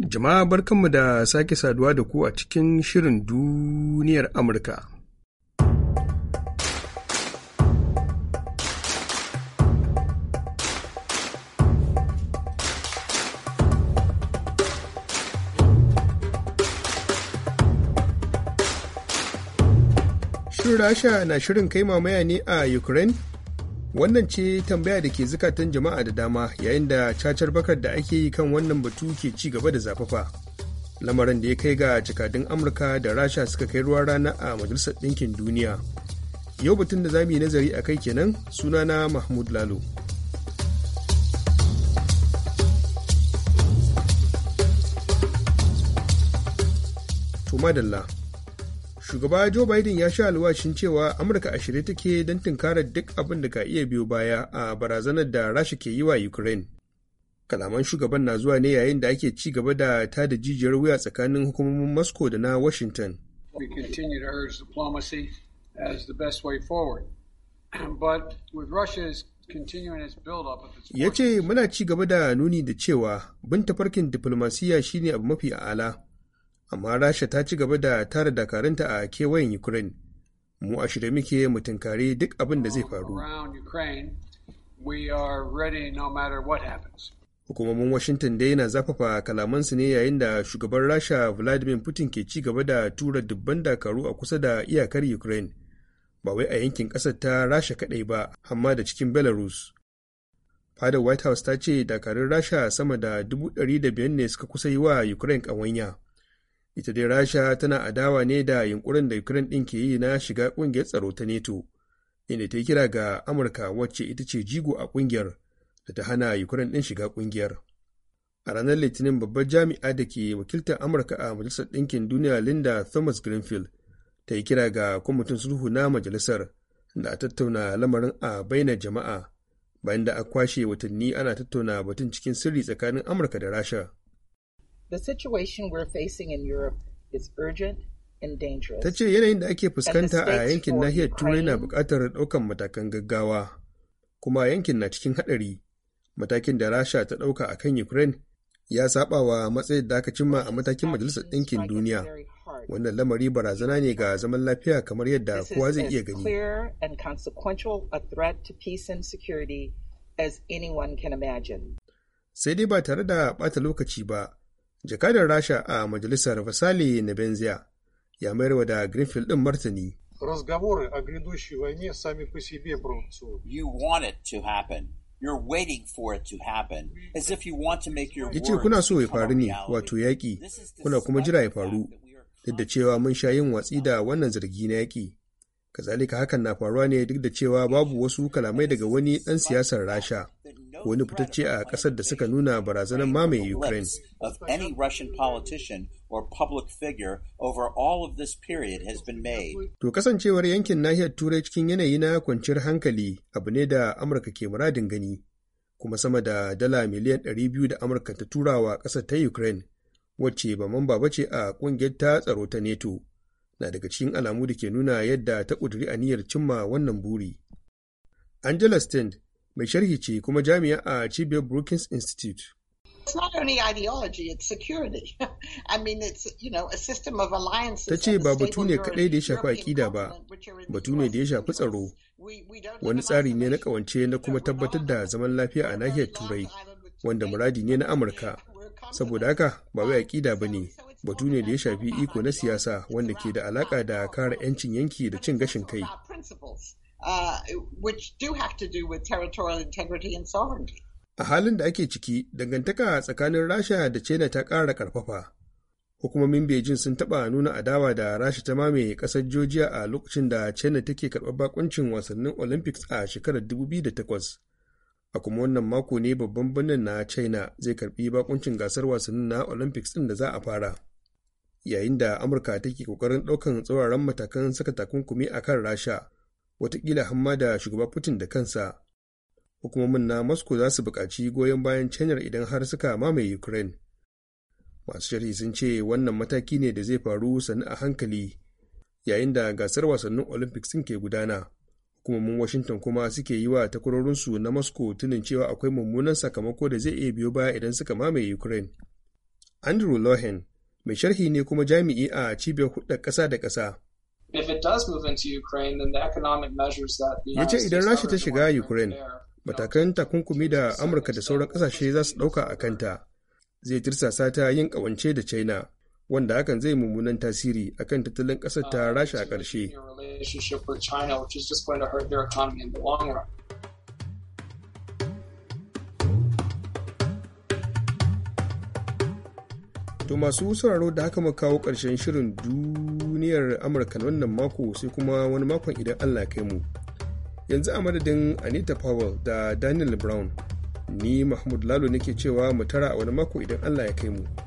Jama'a barkanmu da sake saduwa da ku a cikin shirin duniyar Amurka. Shin Rasha na shirin kai mamaya ne a Ukraine? wannan ce tambaya da ke zukatan jama'a da dama yayin da cacar bakar da ake yi kan wannan batu ke ci gaba da zafafa lamarin da ya kai ga jakadun amurka da rasha suka kai ruwa rana a majalisar ɗinkin duniya yau batun da za mu yi nazari a kai kenan sunana mahmud lalo to madalla shugaba joe biden ya sha alwashin cewa amurka a shirye take don tunkara duk abin da ka iya biyo baya a barazanar da rasha ke yi wa ukraine kalaman shugaban na zuwa ne yayin da ake ci gaba da tada jijiyar wuya tsakanin hukumomin moscow da na washington ya ce muna ci gaba da nuni da cewa bin tafarkin diplomasiya shine abu mafi a'ala amma rasha ta ci gaba da tara dakarunta a kewayen ukraine mu a shirye muke mu tunkari duk abin da zai faru hukumomin washington dai na zafafa kalamansu ne yayin da shugaban rasha vladimir putin ke ci gaba da tura dubban dakaru a kusa da iyakar ukraine ba wai a yankin ƙasar ta rasha kadai ba amma da cikin belarus fadar white house ta ce dakarun rasha sama da 500 ne suka kusa yi wa ukraine ƙawanya ita dai rasha tana adawa ne da yunkurin da ukraine ɗin ke yi na shiga ƙungiyar tsaro ta neto inda ta yi kira ga amurka wacce ita ce jigo a ƙungiyar da ta hana ukraine ɗin shiga ƙungiyar a ranar litinin babbar jami'a da ke wakiltar amurka a majalisar ɗinkin duniya linda thomas greenfield ta yi kira ga kwamitin sulhu na majalisar da a tattauna lamarin a baina jama'a bayan da a kwashe watanni ana tattauna batun cikin sirri tsakanin amurka da rasha The situation we're facing in Europe is urgent Ta ce yanayin da ake fuskanta a yankin nahiyar Turai na buƙatar ɗaukan matakan gaggawa, kuma yankin na cikin haɗari. Matakin da Rasha ta ɗauka a kan Ukraine ya saba wa matsayin dakacin ma a matakin Majalisar Ɗinkin Duniya. Wannan lamari barazana ne ga zaman lafiya kamar yadda kowa zai iya gani. Sai dai ba tare da ɓata lokaci ba, jakadar rasha a majalisar vasali na Benzia ya mayar wa da greenfield din martani разговоры о грядущей войне kuna so ya faru ne, wato yaƙi, kuna kuma jira ya faru, duk da cewa mun sha yin watsi da wannan zargi na yaƙi. Kazalika hakan na faruwa ne duk da cewa babu wasu kalamai daga wani ɗan siyasar Rasha, wani fitacce a ƙasar da suka nuna barazanar mamaye Ukraine. To kasancewar yankin nahiyar Turai cikin yanayi na kwanciyar hankali abu ne da Amurka ke muradin gani, kuma sama da dala miliyan ɗari biyu da Amurka ta turawa ƙasar ta Ukraine, wacce ba mamba ce a ƙungiyar ta tsaro ta NATO, na daga cikin alamu da ke nuna yadda ta ƙudiri aniyar cimma wannan buri. Angela Stend mai sharhi ce kuma jami'a a cibiyar Brookings Institute. Ta ce ba batu ne kaɗai da ya shafi aƙida ba, batu ne da ya shafi tsaro. Wani tsari ne na ƙawance na kuma tabbatar da zaman lafiya a nahiyar Turai, wanda muradi ne na Amurka. Saboda haka, ba wai aƙida ba ne, batu ne da ya shafi iko na siyasa wanda ke da alaƙa da kare 'yancin yanki da cin gashin kai. Uh, which do have to do with territorial integrity and sovereignty. A halin da ake ciki, dangantaka tsakanin Rasha da China ta ƙara ƙarfafa. Hukumomin Beijing sun taɓa nuna adawa da Rasha ta mamaye ƙasar Georgia a lokacin da China take karɓar bakuncin wasannin Olympics a shekarar 2008. A kuma wannan mako ne babban birnin na China zai karɓi bakuncin gasar wasannin na Olympics ɗin da za a fara. Yayin da Amurka take ƙoƙarin ɗaukan tsauraran matakan saka takunkumi a kan Rasha, watakila hamma da shugaba putin da kansa hukumomin na moscow za su buƙaci goyon bayan china idan har suka mamaye ukraine masu sharhi sun ce wannan mataki ne da zai faru sannu a hankali yayin da gasar wasannin olympics sun ke gudana hukumomin washington kuma suke yi wa takwarorinsu na moscow tunin cewa akwai mummunan sakamako da zai iya biyo baya idan suka mamaye ukraine andrew Lohan mai sharhi ne kuma jami'i a cibiyar hudar ƙasa da ƙasa Ya ce idan Rasha ta shiga Ukraine, matakan takunkumi da Amurka da sauran ƙasashe za su ɗauka a kanta zai tirsasa ta yin ƙawance da China, wanda hakan zai mummunan tasiri akan tattalin ƙasar ta uh, Rasha a ƙarshe. To masu sauraro da haka mu kawo ƙarshen shirin duk duniyar amurka wannan mako sai kuma wani makon idan allah kai mu yanzu a madadin anita powell da daniel brown ni mahmud lalo nake cewa mu tara a wani mako idan allah ya kai mu